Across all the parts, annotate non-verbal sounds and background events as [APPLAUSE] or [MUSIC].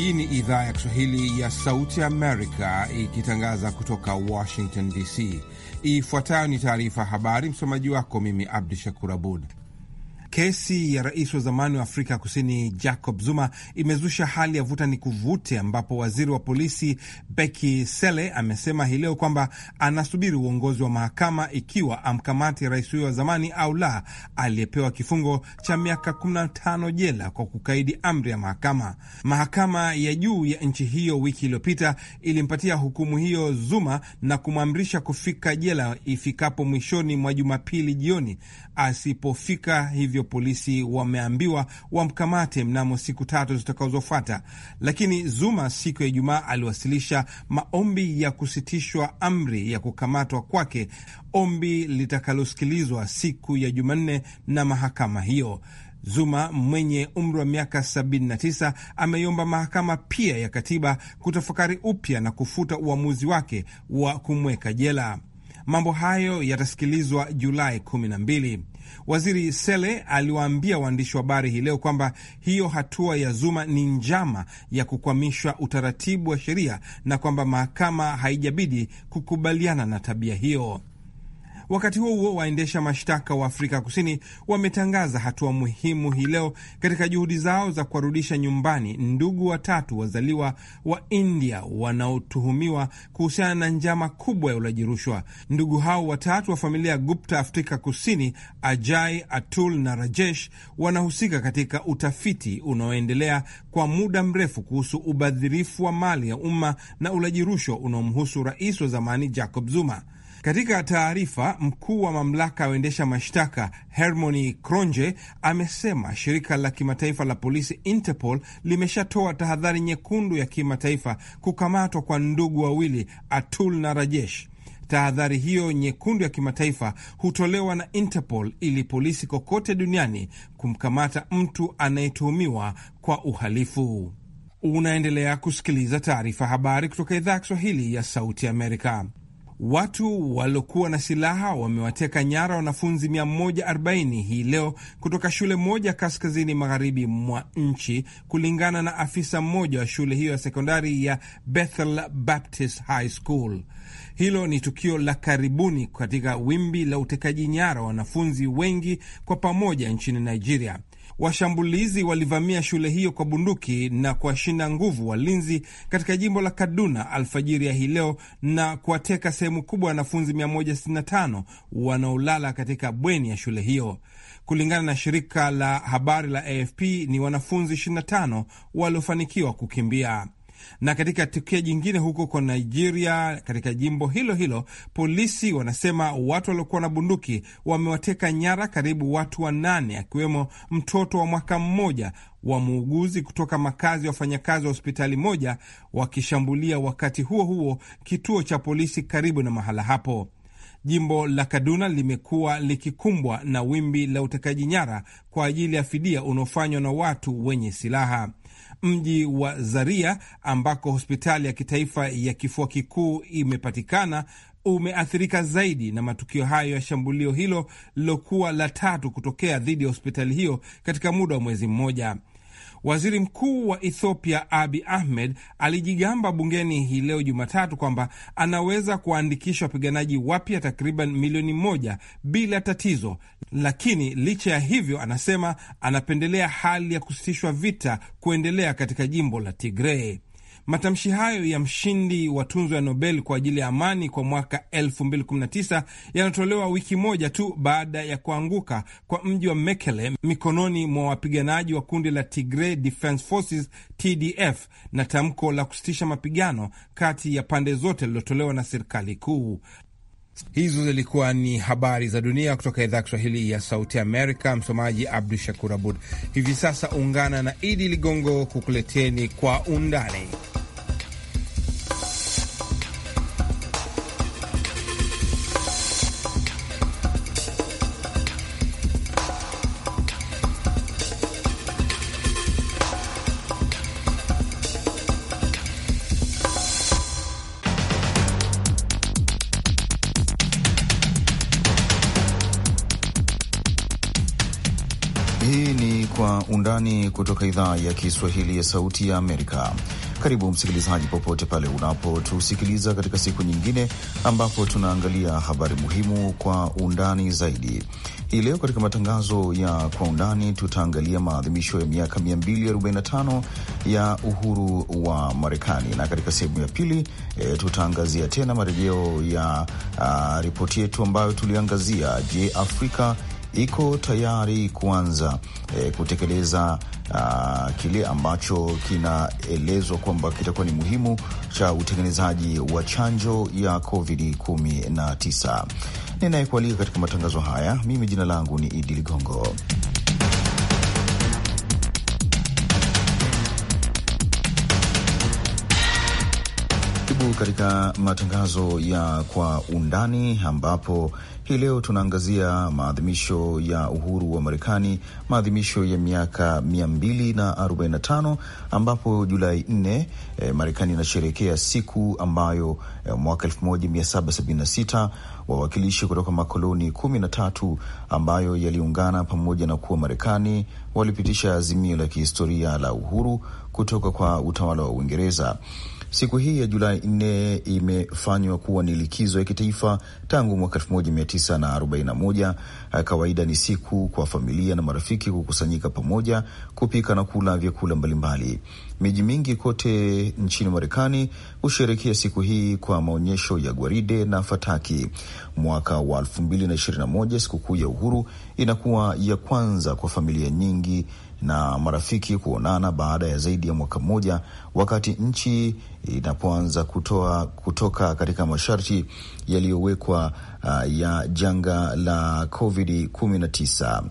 Hii ni idhaa ya Kiswahili ya Sauti Amerika ikitangaza kutoka Washington DC. Ifuatayo ni taarifa habari, msomaji wako mimi Abdu Shakur Abud. Kesi ya rais wa zamani wa Afrika Kusini Jacob Zuma imezusha hali ya vuta ni kuvute, ambapo waziri wa polisi Beki Sele amesema hii leo kwamba anasubiri uongozi wa mahakama ikiwa amkamati rais huyo wa zamani au la, aliyepewa kifungo cha miaka 15 jela kwa kukaidi amri ya mahakama. Mahakama ya juu ya nchi hiyo wiki iliyopita ilimpatia hukumu hiyo Zuma na kumwamrisha kufika jela ifikapo mwishoni mwa Jumapili jioni asipofika. Hivyo polisi wameambiwa wamkamate mnamo siku tatu zitakazofuata, lakini Zuma siku ya Ijumaa aliwasilisha maombi ya kusitishwa amri ya kukamatwa kwake, ombi litakalosikilizwa siku ya Jumanne na mahakama hiyo. Zuma mwenye umri wa miaka 79 ameiomba mahakama pia ya katiba kutafakari upya na kufuta uamuzi wake wa kumweka jela. Mambo hayo yatasikilizwa Julai 12. Waziri Sele aliwaambia waandishi wa habari hii leo kwamba hiyo hatua ya Zuma ni njama ya kukwamisha utaratibu wa sheria na kwamba mahakama haijabidi kukubaliana na tabia hiyo. Wakati huo huo, waendesha mashtaka wa Afrika Kusini wametangaza hatua muhimu hii leo katika juhudi zao za kuwarudisha nyumbani ndugu watatu wazaliwa wa India wanaotuhumiwa kuhusiana na njama kubwa ya ulaji rushwa. Ndugu hao watatu wa familia ya Gupta Afrika Kusini, Ajay, Atul na Rajesh, wanahusika katika utafiti unaoendelea kwa muda mrefu kuhusu ubadhirifu wa mali ya umma na ulaji rushwa unaomhusu rais wa zamani Jacob Zuma. Katika taarifa, mkuu wa mamlaka ya mashtaka Hermony cronje amesema shirika la kimataifa la polisi Interpol limeshatoa tahadhari nyekundu ya kimataifa kukamatwa kwa ndugu wawili Atul na Rajesh. Tahadhari hiyo nyekundu ya kimataifa hutolewa na Interpol ili polisi kokote duniani kumkamata mtu anayetuhumiwa kwa uhalifu. Unaendelea kusikiliza taarifa habari kutoka idhaa ya Kiswahili ya Sauti Amerika. Watu waliokuwa na silaha wamewateka nyara wanafunzi 140 hii leo kutoka shule moja kaskazini magharibi mwa nchi, kulingana na afisa mmoja wa shule hiyo ya sekondari ya Bethel Baptist High School. Hilo ni tukio la karibuni katika wimbi la utekaji nyara wanafunzi wengi kwa pamoja nchini Nigeria. Washambulizi walivamia shule hiyo kwa bunduki na kuwashinda nguvu walinzi katika jimbo la Kaduna alfajiri ya hii leo na kuwateka sehemu kubwa ya wanafunzi 165 wanaolala katika bweni ya shule hiyo. Kulingana na shirika la habari la AFP, ni wanafunzi 25 waliofanikiwa kukimbia. Na katika tukio jingine huko kwa Nigeria, katika jimbo hilo hilo, polisi wanasema watu waliokuwa na bunduki wamewateka nyara karibu watu wanane, akiwemo mtoto wa mwaka mmoja wa muuguzi kutoka makazi ya wafanyakazi wa hospitali moja, wakishambulia wakati huo huo kituo cha polisi karibu na mahala hapo. Jimbo la Kaduna limekuwa likikumbwa na wimbi la utekaji nyara kwa ajili ya fidia unaofanywa na watu wenye silaha. Mji wa Zaria ambako hospitali ya kitaifa ya kifua kikuu imepatikana umeathirika zaidi na matukio hayo ya shambulio hilo lilokuwa la tatu kutokea dhidi ya hospitali hiyo katika muda wa mwezi mmoja. Waziri Mkuu wa Ethiopia Abi Ahmed alijigamba bungeni hii leo Jumatatu kwamba anaweza kuwaandikisha wapiganaji wapya takriban milioni moja bila tatizo, lakini licha ya hivyo, anasema anapendelea hali ya kusitishwa vita kuendelea katika jimbo la Tigrei. Matamshi hayo ya mshindi wa tunzo ya Nobel kwa ajili ya amani kwa mwaka 2019 yanatolewa wiki moja tu baada ya kuanguka kwa mji wa Mekele mikononi mwa wapiganaji wa kundi la Tigray Defense Forces TDF, na tamko la kusitisha mapigano kati ya pande zote lililotolewa na serikali kuu. Hizo zilikuwa ni habari za dunia kutoka idhaa ya Kiswahili ya Sauti Amerika. Msomaji Abdu Shakur Abud. Hivi sasa ungana na Idi Ligongo kukuleteni kwa undani undani kutoka idhaa ya Kiswahili ya Sauti ya Amerika. Karibu msikilizaji, popote pale unapotusikiliza katika siku nyingine ambapo tunaangalia habari muhimu kwa undani zaidi. Hii leo katika matangazo ya kwa undani tutaangalia maadhimisho ya miaka 245 ya uhuru wa Marekani, na katika sehemu ya pili e, tutaangazia tena marejeo ya ripoti yetu ambayo tuliangazia. Je, Afrika iko tayari kuanza e, kutekeleza a, ah, kile ambacho kinaelezwa kwamba kitakuwa ni muhimu cha utengenezaji wa chanjo ya COVID 19. Ninayekualika katika matangazo haya mimi jina langu ni Idi Ligongo. Karibu katika matangazo ya Kwa Undani, ambapo hii leo tunaangazia maadhimisho ya uhuru wa Marekani, maadhimisho ya miaka 245 ambapo Julai 4 eh, Marekani inasherekea siku ambayo eh, mwaka 1776 wawakilishi kutoka makoloni 13 ambayo yaliungana pamoja na kuwa Marekani walipitisha azimio la kihistoria la uhuru kutoka kwa utawala wa Uingereza. Siku hii ya Julai 4 imefanywa kuwa ni likizo ya kitaifa tangu mwaka 1941. Eh, kawaida ni siku kwa familia na marafiki kukusanyika pamoja, kupika na kula vyakula mbalimbali. Miji mingi kote nchini Marekani husherekea siku hii kwa maonyesho ya gwaride na fataki. Mwaka wa 2021 sikukuu ya uhuru inakuwa ya kwanza kwa familia nyingi na marafiki kuonana baada ya zaidi ya mwaka mmoja, wakati nchi inapoanza kutoa kutoka katika masharti yaliyowekwa uh, ya janga la COVID 19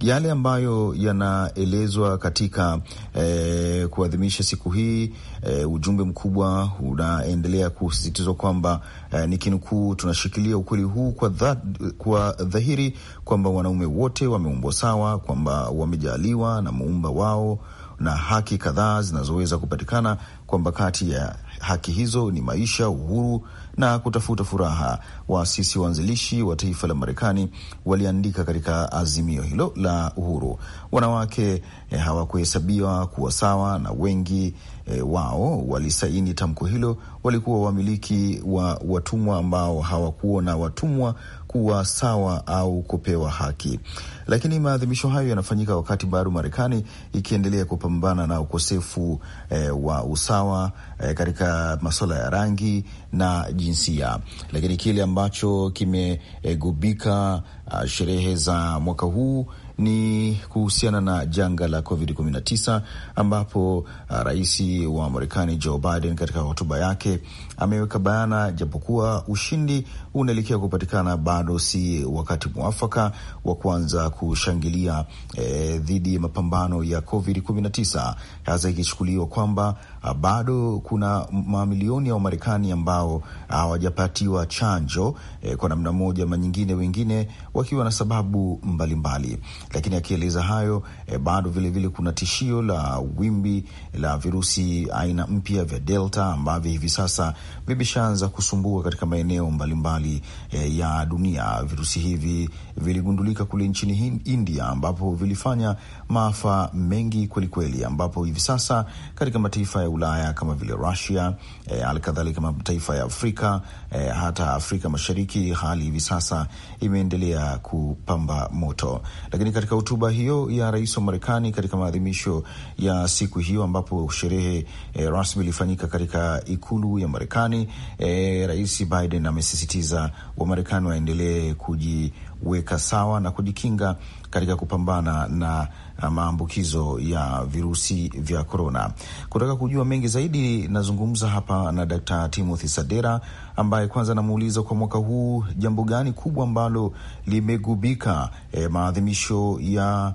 yale ambayo yanaelezwa katika eh, kuadhimisha siku hii eh, ujumbe mkubwa unaendelea kusisitizwa kwamba eh, ni kinukuu, tunashikilia ukweli huu kwa, dha, kwa dhahiri kwamba wanaume wote wameumbwa sawa, kwamba wamejaliwa na muumba wao na haki kadhaa zinazoweza kupatikana, kwamba kati ya haki hizo ni maisha, uhuru na kutafuta furaha. Waasisi waanzilishi wa taifa la Marekani waliandika katika azimio hilo la uhuru. Wanawake eh, hawakuhesabiwa kuwa sawa na wengi eh, wao walisaini tamko hilo, walikuwa wamiliki wa watumwa ambao hawakuona watumwa kuwa sawa au kupewa haki. Lakini maadhimisho hayo yanafanyika wakati bado Marekani ikiendelea kupambana na ukosefu eh, wa usawa eh, katika masuala ya rangi na jinsia. Lakini kile ambacho kimegubika eh, sherehe za mwaka huu ni kuhusiana na janga la COVID-19 ambapo uh, rais wa Marekani Joe Biden katika hotuba yake ameweka bayana, japokuwa ushindi unaelekea kupatikana, bado si wakati mwafaka wa kuanza kushangilia eh, dhidi ya mapambano ya Covid 19 hasa ikichukuliwa kwamba ah, bado kuna mamilioni ya Wamarekani ambao ah, hawajapatiwa chanjo eh, kwa namna moja ama nyingine, wengine wakiwa na sababu mbalimbali mbali. Lakini akieleza hayo eh, bado vilevile vile kuna tishio la wimbi la virusi aina mpya vya Delta ambavyo hivi sasa vimeshaanza kusumbua katika maeneo mbalimbali e, ya dunia. Virusi hivi viligundulika kule nchini India ambapo vilifanya maafa mengi kwelikweli, ambapo hivi sasa katika mataifa ya Ulaya kama vile Rusia, eh, halikadhalika e, mataifa ya Afrika e, hata Afrika Mashariki, hali hivi sasa imeendelea kupamba moto. Lakini katika hotuba hiyo ya rais wa Marekani katika maadhimisho ya siku hiyo ambapo sherehe e, rasmi ilifanyika katika ikulu ya Marekani Marekani. E, Rais Biden amesisitiza Wamarekani waendelee kujiweka sawa na kujikinga katika kupambana na maambukizo ya virusi vya korona. Kutaka kujua mengi zaidi, nazungumza hapa na Dkt. Timothy Sadera ambaye kwanza namuuliza kwa mwaka huu jambo gani kubwa ambalo limegubika e, maadhimisho ya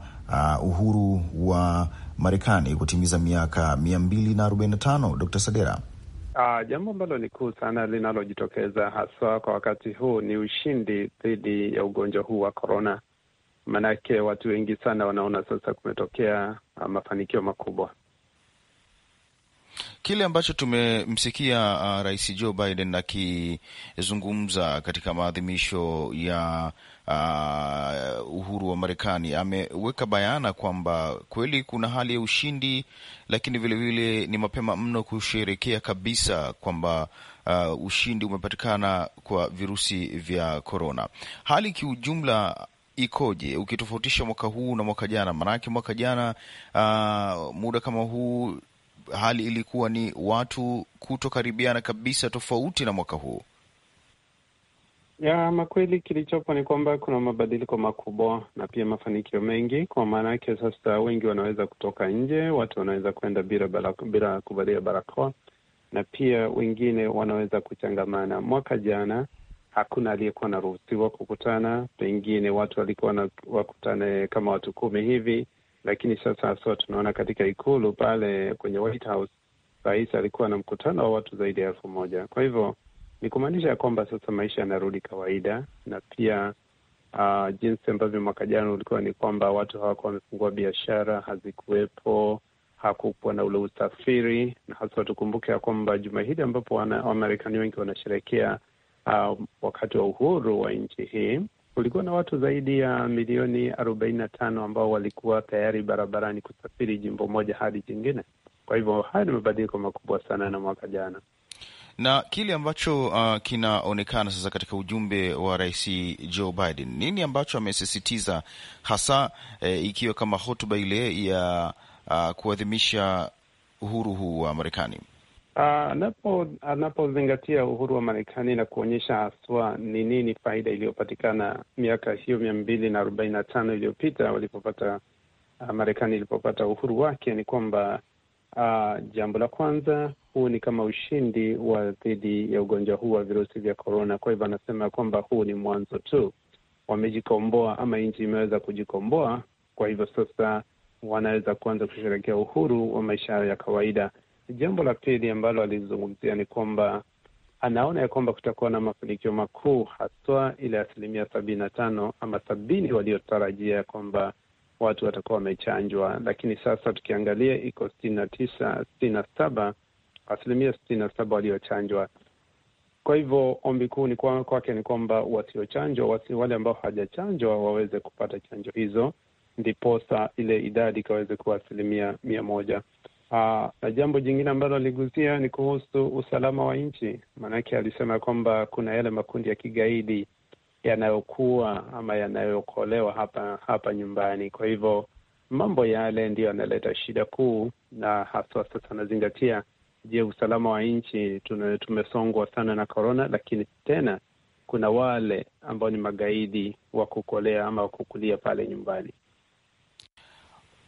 uh, uhuru wa Marekani kutimiza miaka mia mbili na arobaini na tano. Dkt. Sadera. Uh, jambo ambalo ni kuu sana linalojitokeza haswa kwa wakati huu ni ushindi dhidi ya ugonjwa huu wa korona. Maanake watu wengi sana wanaona sasa kumetokea uh, mafanikio makubwa. Kile ambacho tumemsikia uh, Rais Joe Biden akizungumza katika maadhimisho ya uh, uhuru wa Marekani ameweka bayana kwamba kweli kuna hali ya ushindi, lakini vilevile vile ni mapema mno kusherekea kabisa kwamba uh, ushindi umepatikana kwa virusi vya korona. Hali kiujumla ikoje ukitofautisha mwaka huu na mwaka jana? Maanake mwaka jana uh, muda kama huu hali ilikuwa ni watu kutokaribiana kabisa, tofauti na mwaka huu. Ya makweli, kilichopo ni kwamba kuna mabadiliko makubwa na pia mafanikio mengi. Kwa maana yake, sasa wengi wanaweza kutoka nje, watu wanaweza kwenda bila bila kuvalia barakoa, na pia wengine wanaweza kuchangamana. Mwaka jana hakuna aliyekuwa anaruhusiwa kukutana, pengine watu walikuwa wakutane kama watu kumi hivi, lakini sasa haswa tunaona katika ikulu pale kwenye White House, rais alikuwa na mkutano wa watu zaidi ya elfu moja. Kwa hivyo ni kumaanisha ya kwamba sasa maisha yanarudi kawaida, na pia uh, jinsi ambavyo mwaka jana ulikuwa ni kwamba watu hawakuwa wamefungua biashara, hazikuwepo, hakukuwa na ule usafiri, na hasa tukumbuke ya kwamba juma hili ambapo Wamarekani wengi wanasherekea uh, ah, wakati wa uhuru wa nchi hii kulikuwa na watu zaidi ya milioni arobaini na tano ambao walikuwa tayari barabarani kusafiri jimbo moja hadi jingine. Kwa hivyo haya ni mabadiliko makubwa sana na mwaka jana na kile ambacho uh, kinaonekana sasa katika ujumbe wa Rais Joe Biden, nini ambacho amesisitiza hasa, eh, ikiwa kama hotuba ile ya uh, kuadhimisha uhuru huu wa Marekani uh, anapozingatia uhuru wa Marekani na kuonyesha haswa ni nini faida iliyopatikana miaka hiyo mia mbili na arobaini na tano iliyopita walipopata uh, Marekani ilipopata uhuru wake, ni kwamba Uh, jambo la kwanza, huu ni kama ushindi wa dhidi ya ugonjwa huu wa virusi vya korona. Kwa hivyo anasema kwamba huu ni mwanzo tu, wamejikomboa ama nchi imeweza kujikomboa. Kwa hivyo sasa wanaweza kuanza kusherehekea uhuru wa maisha yao ya kawaida. Jambo la pili ambalo alizungumzia ni kwamba anaona ya kwamba kutakuwa na mafanikio makuu, haswa ile asilimia sabini na tano ama sabini waliotarajia kwamba watu watakuwa wamechanjwa, lakini sasa tukiangalia iko sitini na tisa sitini na saba asilimia sitini na saba waliochanjwa. Kwa hivyo ombi kuu ni kwake kwa ni kwamba wasiochanjwa wasi, wale ambao hawajachanjwa waweze kupata chanjo hizo, ndiposa ile idadi ikaweze kuwa asilimia mia moja. Aa, ah, na jambo jingine ambalo aligusia ni kuhusu usalama wa nchi, maanake alisema kwamba kuna yale makundi ya kigaidi yanayokuwa ama yanayokolewa hapa hapa nyumbani. Kwa hivyo mambo yale ndiyo yanaleta shida kuu, na haswa sasa nazingatia, je, usalama wa nchi? Tumesongwa sana na korona, lakini tena kuna wale ambao ni magaidi wa kukolea ama wakukulia pale nyumbani.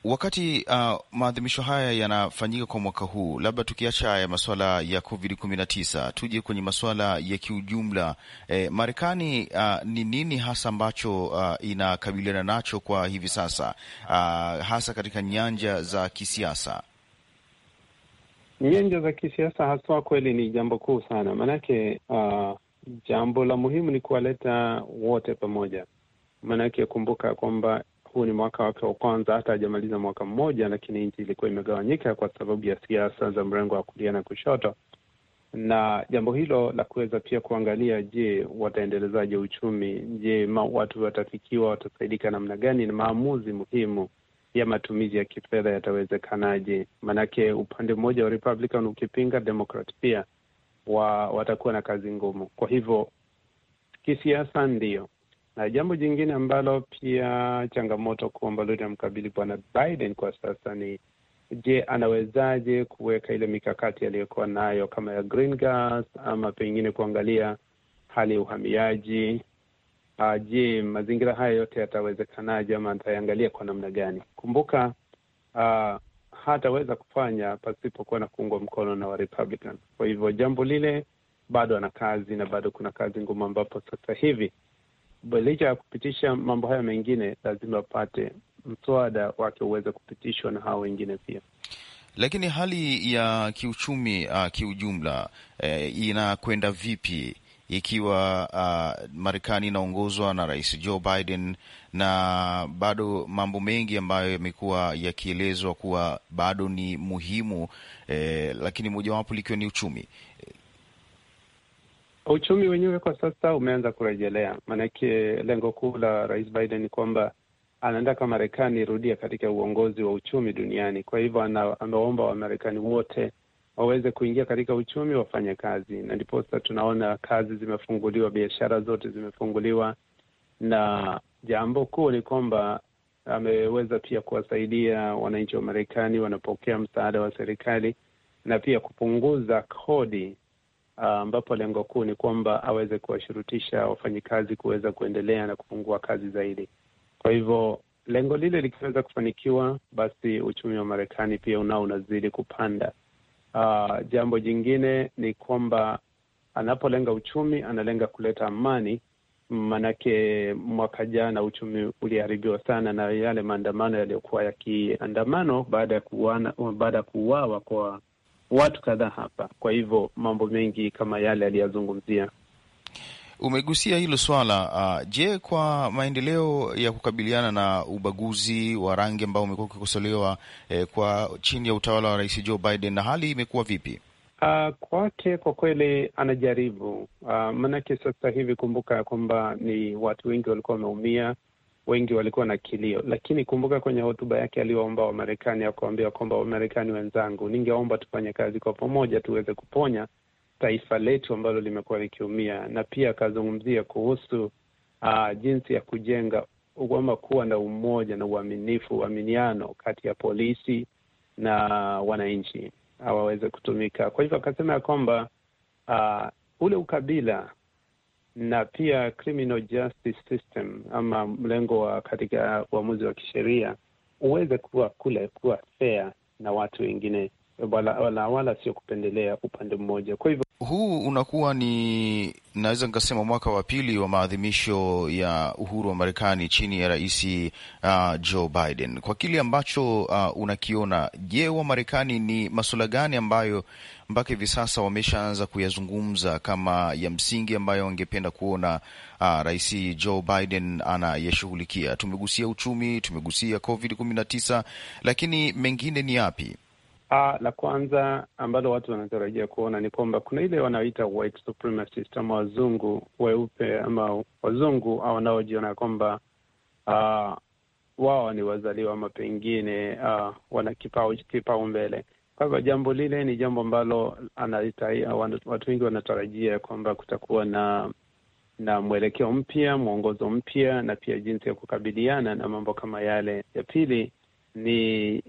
Wakati uh, maadhimisho haya yanafanyika kwa mwaka huu, labda tukiacha haya masuala ya Covid 19 tuje kwenye masuala ya kiujumla eh, Marekani uh, ni nini hasa ambacho uh, inakabiliana nacho kwa hivi sasa uh, hasa katika nyanja za kisiasa? Nyanja za kisiasa haswa, kweli ni jambo kuu sana, maanake uh, jambo la muhimu ni kuwaleta wote pamoja, maanake kumbuka kwamba huu ni mwaka wake wa kwanza, hata hajamaliza mwaka mmoja, lakini nchi ilikuwa imegawanyika kwa sababu ya siasa za mrengo wa kulia na kushoto, na jambo hilo la kuweza pia kuangalia, je, wataendelezaje uchumi? Je, ma, watu watafikiwa, watasaidika namna gani, na maamuzi muhimu ya matumizi ya kifedha yatawezekanaje? Maanake upande mmoja wa Republican ukipinga, Democrat pia wa, watakuwa na kazi ngumu. Kwa hivyo kisiasa, ndio na jambo jingine ambalo pia changamoto kuu ambalo linamkabili bwana Biden kwa sasa ni je, anawezaje kuweka ile mikakati aliyokuwa nayo kama ya green gas, ama pengine kuangalia hali ya uhamiaji. Uh, je, mazingira haya yote yatawezekanaje ama atayangalia kwa namna gani? Kumbuka uh, hataweza kufanya pasipokuwa na kuungwa mkono na wa Republican. Kwa hivyo jambo lile bado ana kazi na bado kuna kazi ngumu, ambapo sasa hivi licha ya kupitisha mambo hayo mengine, lazima apate mswada wake uweze kupitishwa na hao wengine pia. Lakini hali ya kiuchumi uh, kiujumla eh, inakwenda vipi ikiwa uh, Marekani inaongozwa na Rais Joe Biden na bado mambo mengi ambayo yamekuwa yakielezwa kuwa bado ni muhimu eh, lakini mojawapo likiwa ni uchumi Uchumi wenyewe kwa sasa umeanza kurejelea, maanake lengo kuu la Rais Biden ni kwamba anataka Marekani irudia katika uongozi wa uchumi duniani. Kwa hivyo amewaomba Wamarekani wote waweze kuingia katika uchumi, wafanye kazi, na ndiposa tunaona kazi zimefunguliwa, biashara zote zimefunguliwa, na jambo kuu ni kwamba ameweza pia kuwasaidia wananchi wa Marekani, wanapokea msaada wa serikali na pia kupunguza kodi Ah, ambapo uh, lengo kuu ni kwamba aweze kuwashurutisha wafanyikazi kuweza kuendelea na kupungua kazi zaidi. Kwa hivyo lengo lile likiweza kufanikiwa, basi uchumi wa Marekani pia unao unazidi kupanda. Uh, jambo jingine ni kwamba anapolenga uchumi analenga kuleta amani, maanake mwaka jana uchumi uliharibiwa sana na yale maandamano yaliyokuwa yakiandamano baada ya kuuawa kwa watu kadhaa hapa. Kwa hivyo mambo mengi kama yale aliyazungumzia umegusia hilo swala uh. Je, kwa maendeleo ya kukabiliana na ubaguzi wa rangi ambao umekuwa ukikosolewa eh, kwa chini ya utawala wa Rais Joe Biden, na hali imekuwa vipi? Uh, kwake kwa kweli anajaribu uh, maanake sasa hivi kumbuka ya kwamba ni watu wengi walikuwa wameumia wengi walikuwa na kilio, lakini kumbuka kwenye hotuba yake aliyoomba Wamarekani akuambia kwamba Wamarekani wenzangu, ningeomba tufanye kazi kwa pamoja tuweze kuponya taifa letu ambalo limekuwa likiumia, na pia akazungumzia kuhusu uh, jinsi ya kujenga kwamba kuwa na umoja na uaminifu, uaminiano kati ya polisi na wananchi awaweze kutumika. Kwa hivyo akasema ya kwamba uh, ule ukabila na pia criminal justice system ama mlengo wa katika uamuzi wa kisheria uweze kuwa kule kuwa fair na watu wengine, wala wala, wala sio kupendelea upande mmoja. Kwa hivyo huu unakuwa ni naweza nikasema mwaka wa pili wa maadhimisho ya uhuru wa Marekani chini ya Rais uh, Joe Biden. Kwa kile ambacho uh, unakiona, je, wa Marekani ni masuala gani ambayo mpaka hivi sasa wameshaanza kuyazungumza kama ya msingi ambayo wangependa kuona uh, Rais Joe Biden anayeshughulikia? Tumegusia uchumi, tumegusia COVID 19 lakini mengine ni yapi? Uh, la kwanza ambalo watu wanatarajia kuona ni kwamba kuna ile wanaoita white supremacist ama wazungu weupe ama wazungu wanaojiona kwamba uh, wao ni wazaliwa ama pengine uh, wana kipau mbele Kwa hivyo jambo lile ni jambo ambalo watu wengi wanatarajia kwamba kutakuwa na na mwelekeo mpya, mwongozo mpya, na pia jinsi ya kukabiliana na mambo kama yale. Ya pili ni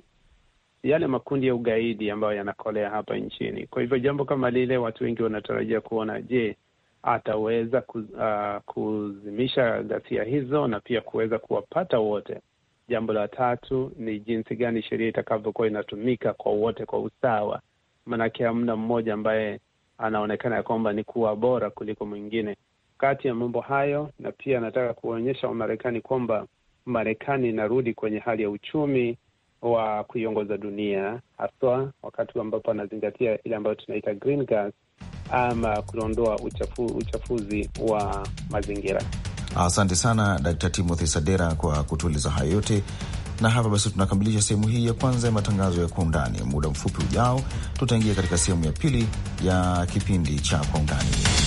yale makundi ya ugaidi ambayo yanakolea hapa nchini. Kwa hivyo jambo kama lile, watu wengi wanatarajia kuona, je, ataweza kuzimisha uh, kuzimisha ghasia hizo na pia kuweza kuwapata wote. Jambo la tatu ni jinsi gani sheria itakavyokuwa inatumika kwa wote kwa usawa, maanake hamna mmoja ambaye anaonekana ya kwamba ni kuwa bora kuliko mwingine kati ya mambo hayo. Na pia anataka kuonyesha Wamarekani kwamba Marekani inarudi kwenye hali ya uchumi wa kuiongoza dunia, haswa wakati ambapo anazingatia ile ambayo tunaita green gas ama kuondoa uchafu, uchafuzi wa mazingira. Asante sana Dkt. Timothy Sadera kwa kutueleza hayo yote na hapa basi tunakamilisha sehemu hii ya kwanza ya matangazo ya kwa undani. Muda mfupi ujao, tutaingia katika sehemu ya pili ya kipindi cha kwa undani.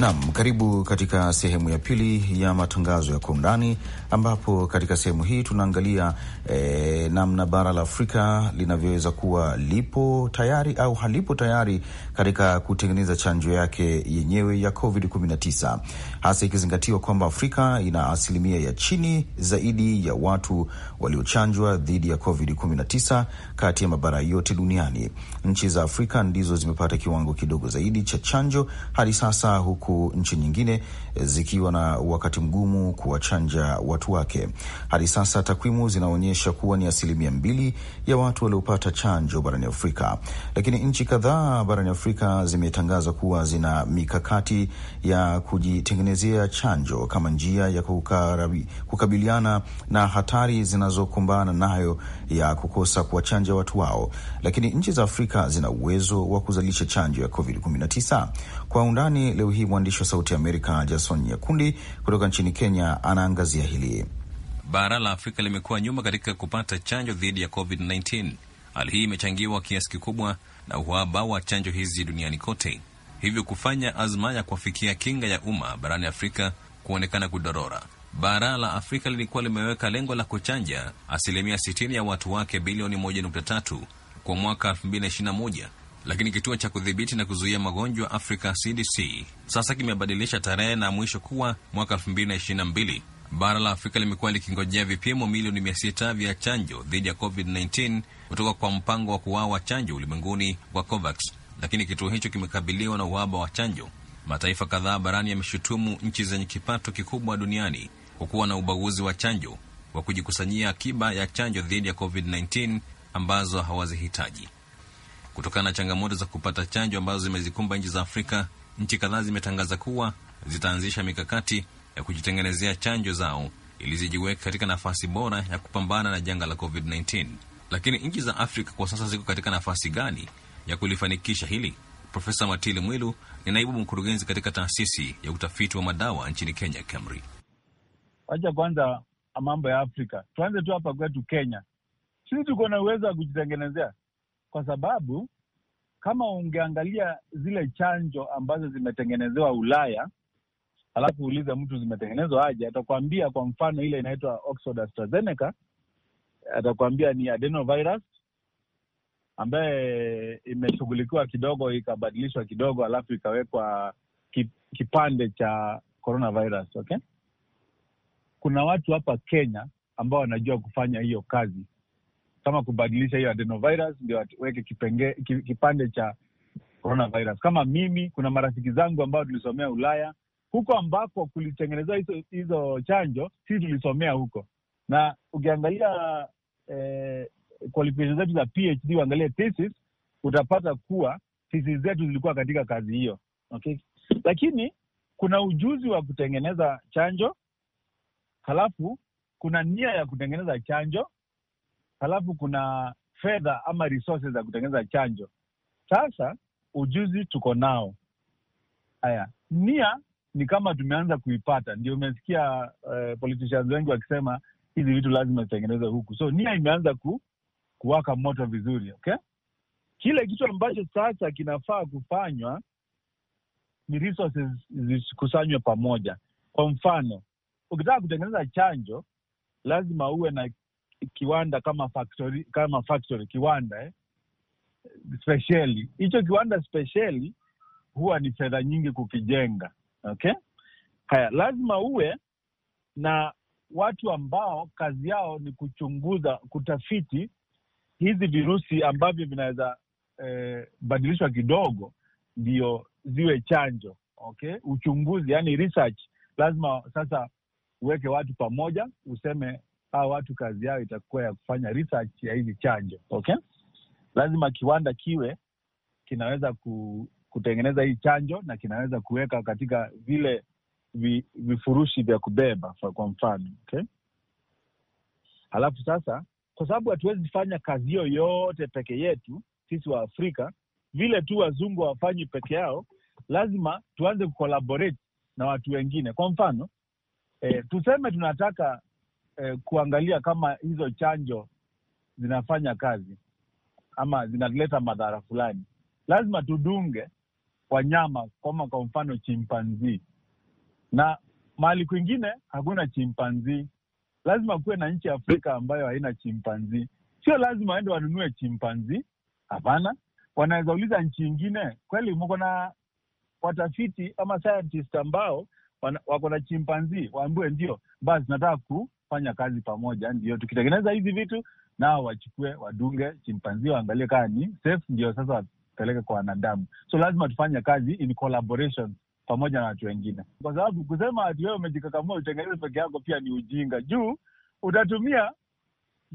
Nam, karibu katika sehemu ya pili ya matangazo ya kwa undani, ambapo katika sehemu hii tunaangalia e, namna bara la Afrika linavyoweza kuwa lipo tayari au halipo tayari katika kutengeneza chanjo yake yenyewe ya COVID-19, hasa ikizingatiwa kwamba Afrika ina asilimia ya chini zaidi ya watu waliochanjwa dhidi ya COVID-19 kati ya mabara yote duniani. Nchi za Afrika ndizo zimepata kiwango kidogo zaidi cha chanjo hadi sasa huku huku nchi nyingine eh, zikiwa na wakati mgumu kuwachanja watu wake. Hadi sasa takwimu zinaonyesha kuwa ni asilimia mbili ya watu waliopata chanjo barani Afrika, lakini nchi kadhaa barani Afrika zimetangaza kuwa zina mikakati ya kujitengenezea chanjo kama njia ya kukarabi, kukabiliana na hatari zinazokumbana nayo ya kukosa kuwachanja watu wao. Lakini nchi za Afrika zina uwezo wa kuzalisha chanjo ya COVID-19. Kwa undani leo hii mwandishi wa Sauti ya Amerika Jason Nyakundi kutoka nchini Kenya anaangazia hili. Bara la Afrika limekuwa nyuma katika kupata chanjo dhidi ya COVID-19. Hali hii imechangiwa kiasi kikubwa na uhaba wa chanjo hizi duniani kote, hivyo kufanya azma ya kuwafikia kinga ya umma barani Afrika kuonekana kudorora. Bara la Afrika lilikuwa limeweka lengo la kuchanja asilimia 60 ya watu wake bilioni 1.3 kwa mwaka 2021 lakini kituo cha kudhibiti na kuzuia magonjwa Afrika CDC sasa kimebadilisha tarehe na mwisho kuwa mwaka 2022. Bara la Afrika limekuwa likingojea vipimo milioni 600 vya chanjo dhidi ya COVID-19 kutoka kwa mpango wa kuwawa chanjo ulimwenguni wa COVAX, lakini kituo hicho kimekabiliwa na uhaba wa chanjo. Mataifa kadhaa barani yameshutumu nchi zenye kipato kikubwa duniani kwa kuwa na ubaguzi wa chanjo wa kujikusanyia akiba ya chanjo dhidi ya COVID-19 ambazo hawazihitaji kutokana na changamoto za kupata chanjo ambazo zimezikumba nchi za Afrika. Nchi kadhaa zimetangaza kuwa zitaanzisha mikakati ya kujitengenezea chanjo zao ili zijiweke katika nafasi bora ya kupambana na janga la COVID-19. Lakini nchi za Afrika kwa sasa ziko katika nafasi gani ya kulifanikisha hili? Profesa Matili Mwilu ni naibu mkurugenzi katika taasisi ya utafiti wa madawa nchini Kenya, KEMRI. Wacha kwanza mambo ya Afrika, tuanze tu hapa kwetu Kenya. Sisi tuko na uwezo wa kujitengenezea kwa sababu kama ungeangalia zile chanjo ambazo zimetengenezewa Ulaya alafu uulize mtu zimetengenezwa aje, atakwambia kwa mfano ile inaitwa Oxford AstraZeneca, atakwambia ni adenovirus ambaye imeshughulikiwa kidogo ikabadilishwa kidogo, alafu ikawekwa kipande cha coronavirus. Okay, kuna watu hapa Kenya ambao wanajua kufanya hiyo kazi kama kubadilisha hiyo adenovirus ndio kipenge, kipande cha coronavirus. Kama mimi, kuna marafiki zangu ambao tulisomea Ulaya huko ambako kulitengenezwa hizo hizo chanjo, sisi tulisomea huko, na ukiangalia eh, qualification zetu za PhD uangalie thesis, utapata kuwa thesis zetu zilikuwa katika kazi hiyo, okay. Lakini kuna ujuzi wa kutengeneza chanjo, halafu kuna nia ya kutengeneza chanjo halafu kuna fedha ama resources za kutengeneza chanjo. Sasa ujuzi tuko nao, haya nia ni kama tumeanza kuipata, ndio umesikia uh, politicians wengi wakisema hizi vitu lazima zitengenezwe huku, so nia imeanza ku, kuwaka moto vizuri. Okay, kile kitu ambacho sasa kinafaa kufanywa ni resources zikusanywe pamoja. Kwa mfano, ukitaka kutengeneza chanjo lazima uwe na kiwanda kama factory, kama factory kiwanda eh, spesheli hicho kiwanda spesheli huwa ni fedha nyingi kukijenga. Okay, haya, lazima uwe na watu ambao kazi yao ni kuchunguza, kutafiti hizi virusi ambavyo vinaweza eh, badilishwa kidogo ndio ziwe chanjo. Okay, uchunguzi, yani research. Lazima sasa uweke watu pamoja, useme hawa watu kazi yao itakuwa ya kufanya research ya hizi chanjo okay? Lazima kiwanda kiwe kinaweza ku, kutengeneza hii chanjo na kinaweza kuweka katika vile vi, vifurushi vya kubeba kwa mfano okay? Halafu sasa, kwa sababu hatuwezi fanya kazi hiyo yote peke yetu sisi wa Afrika vile tu wazungu hawafanyi peke yao, lazima tuanze kucollaborate na watu wengine. Kwa mfano eh, tuseme tunataka eh, kuangalia kama hizo chanjo zinafanya kazi ama zinaleta madhara fulani. Lazima tudunge wanyama kama kwa mfano chimpanzi, na mahali kwingine hakuna chimpanzi. Lazima kuwe na nchi ya Afrika ambayo haina chimpanzi. Sio lazima waende wanunue chimpanzi, hapana. Wanaweza uliza nchi ingine, kweli mko na watafiti ama scientist ambao wako na chimpanzi, Waambiwe ndio, basi nataka fanya kazi pamoja, ndio tukitengeneza hizi vitu, nao wachukue wadunge chimpanzi, waangalie kaa ni safe, ndio sasa wapeleke kwa wanadamu. So lazima tufanye kazi in collaboration pamoja na watu wengine, kwa sababu kusema ati wewe umejikakamua utengeneze peke yako pia ni ujinga, juu utatumia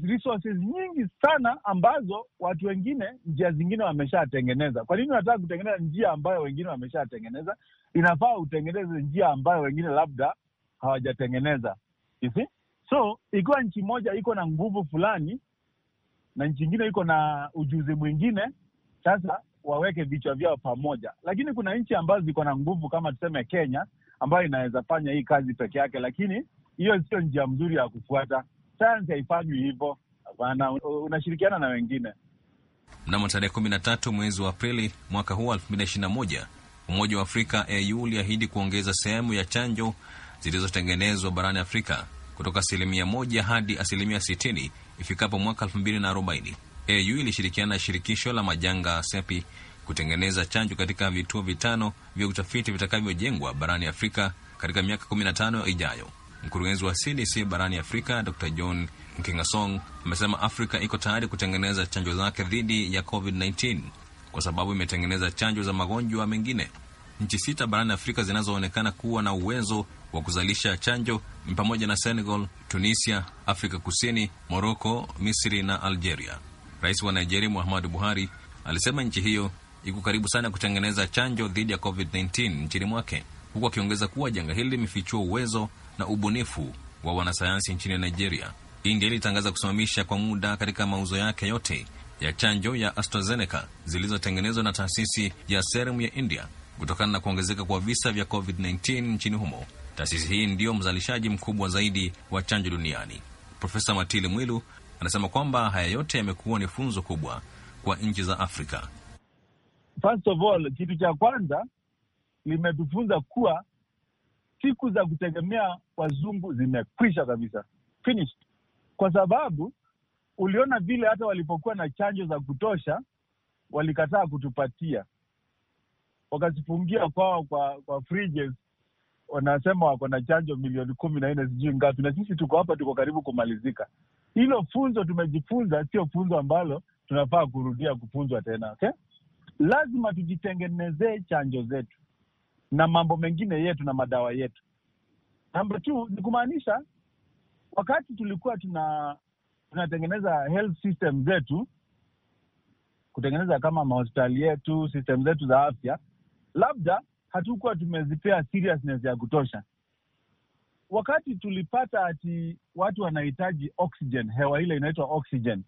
resources nyingi sana ambazo watu wengine njia zingine wameshatengeneza. Kwa nini unataka kutengeneza njia ambayo wengine wameshatengeneza? Inafaa utengeneze njia ambayo wengine labda hawajatengeneza. You see? So ikiwa nchi moja iko na nguvu fulani na nchi ingine iko na ujuzi mwingine, sasa waweke vichwa vyao pamoja. Lakini kuna nchi ambazo ziko na nguvu kama tuseme Kenya, ambayo inaweza fanya hii kazi peke yake, lakini hiyo sio njia mzuri ya kufuata. Sayansi haifanywi hivyo, hapana, unashirikiana na wengine. Mnamo tarehe kumi na tatu mwezi wa Aprili mwaka huu elfu mbili na ishirini na moja Umoja wa Afrika au uliahidi kuongeza sehemu ya chanjo zilizotengenezwa barani Afrika kutoka asilimia moja hadi asilimia sitini ifikapo mwaka elfu mbili na arobaini. AU ilishirikiana na shirikisho la majanga SEPI kutengeneza chanjo katika vituo vitano vya utafiti vitakavyojengwa barani Afrika katika miaka 15 ijayo. Mkurugenzi wa CDC barani Afrika Dr John Nkingasong amesema Afrika iko tayari kutengeneza chanjo zake dhidi ya COVID-19 kwa sababu imetengeneza chanjo za magonjwa mengine. Nchi sita barani Afrika zinazoonekana kuwa na uwezo wa kuzalisha chanjo pamoja na Senegal, Tunisia, Afrika Kusini, Moroko, Misri na Algeria. Rais wa Nigeria Muhammadu Buhari alisema nchi hiyo iko karibu sana kutengeneza chanjo dhidi ya COVID-19 nchini mwake, huku akiongeza kuwa janga hili limefichua uwezo na ubunifu wa wanasayansi nchini Nigeria. India ilitangaza kusimamisha kwa muda katika mauzo yake yote ya chanjo ya AstraZeneca zilizotengenezwa na taasisi ya Serum ya India kutokana na kuongezeka kwa visa vya COVID-19 nchini humo. Taasisi hii ndiyo mzalishaji mkubwa zaidi wa chanjo duniani. Profesa matili Mwilu anasema kwamba haya yote yamekuwa ni funzo kubwa kwa nchi za Afrika. First of all, kitu cha kwanza limetufunza kuwa siku za kutegemea wazungu zimekwisha kabisa, finished, kwa sababu uliona vile hata walipokuwa na chanjo za kutosha walikataa kutupatia, wakazifungia kwao kwa, kwa fridges wanasema wako na chanjo milioni kumi na nne sijui ngapi, na sisi tuko hapa, tuko karibu kumalizika. Hilo funzo tumejifunza, sio funzo ambalo tunafaa kurudia kufunzwa tena, okay? Lazima tujitengenezee chanjo zetu na mambo mengine yetu na madawa yetu. Namba two ni kumaanisha, wakati tulikuwa tuna tunatengeneza health system zetu, kutengeneza kama mahospitali yetu, system zetu za afya, labda hatukuwa tumezipea seriousness ya kutosha. Wakati tulipata ati watu wanahitaji oxygen, hewa ile inaitwa oxygen,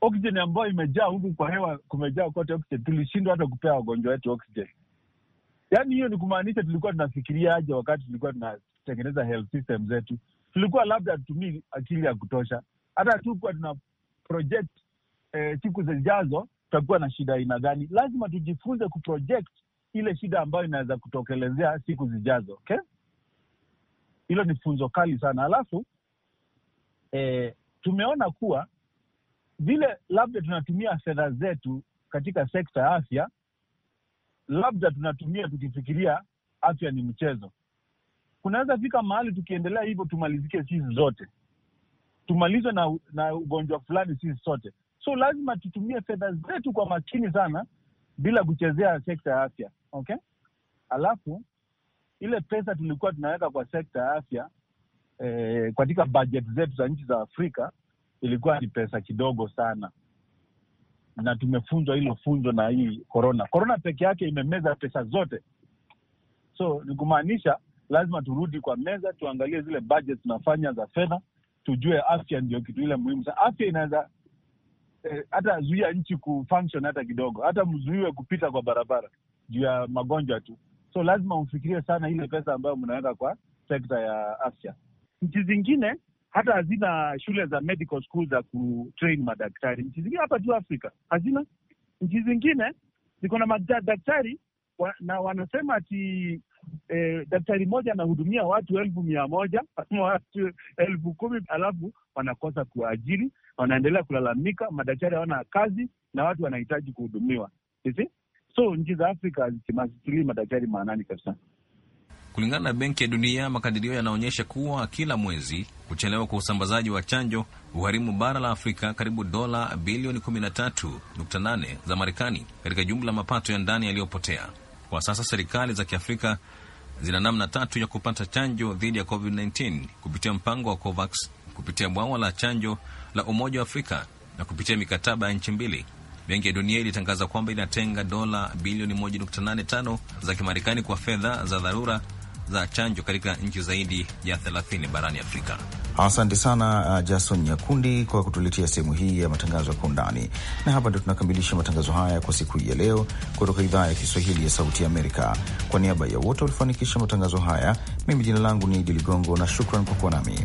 oxygen ambayo imejaa huku kwa hewa, kumejaa kote oxygen, tulishindwa hata kupea wagonjwa wetu oxygen. Yaani hiyo ni kumaanisha tulikuwa tunafikiria aje wakati tulikuwa tunatengeneza health system zetu? Tulikuwa labda tutumii akili ya kutosha, hata tukuwa tuna project eh, siku eh, zijazo tutakuwa na shida aina gani. Lazima tujifunze kuproject ile shida ambayo inaweza kutokelezea siku zijazo. Okay, hilo ni funzo kali sana. Alafu e, tumeona kuwa vile labda tunatumia fedha zetu katika sekta ya afya, labda tunatumia tukifikiria afya ni mchezo. Kunaweza fika mahali tukiendelea hivyo tumalizike sisi zote, tumalizwe na, na ugonjwa fulani sisi sote. So lazima tutumie fedha zetu kwa makini sana bila kuchezea sekta ya afya okay? Alafu ile pesa tulikuwa tunaweka kwa sekta ya afya eh, katika bet zetu za nchi za Afrika ilikuwa ni pesa kidogo sana, na tumefunzwa hilo funzo na hii korona. Korona peke yake imemeza pesa zote, so ni kumaanisha lazima turudi kwa meza, tuangalie zile budget tunafanya za fedha, tujue afya ndio kitu ile muhimu sana. Afya inaweza eh, hata eh, zuia nchi kufunction hata kidogo, hata mzuiwe kupita kwa barabara juu ya magonjwa tu, so lazima ufikirie sana ile pesa ambayo mnaweka kwa sekta ya afya. Nchi zingine hata hazina shule za medical school za kutrain madaktari. Nchi zingine hapa tu Afrika hazina. Nchi zingine ziko na madaktari wa, na wanasema ati eh, daktari mmoja anahudumia watu elfu mia moja [LAUGHS] ama watu elfu kumi alafu wanakosa kuajiri, wanaendelea kulalamika, madaktari hawana kazi na watu wanahitaji kuhudumiwa. So nchi za Afrika hazitilii madaktari maanani kabisa. Kulingana na Benki ya Dunia, makadirio yanaonyesha kuwa kila mwezi kuchelewa kwa usambazaji wa chanjo huharimu bara la Afrika karibu dola bilioni 13.8 za Marekani katika jumla ya mapato ya ndani yaliyopotea. Kwa sasa serikali za Kiafrika zina namna tatu ya kupata chanjo dhidi ya COVID-19 kupitia mpango wa COVAX, kupitia bwawa la chanjo la Umoja wa Afrika na kupitia mikataba ya nchi mbili Benki ya Dunia ilitangaza kwamba inatenga dola bilioni 1.85 za Kimarekani kwa fedha za dharura za chanjo katika nchi zaidi ya 30 barani Afrika. Asante sana uh, Jason Nyakundi kwa kutuletea sehemu hii ya matangazo ya kwa undani, na hapa ndio tunakamilisha matangazo haya kwa siku hii ya leo kutoka idhaa ya Kiswahili ya Sauti ya Amerika. Kwa niaba ya wote walifanikisha matangazo haya, mimi jina langu ni Idi Ligongo na shukran kwa kuwa nami.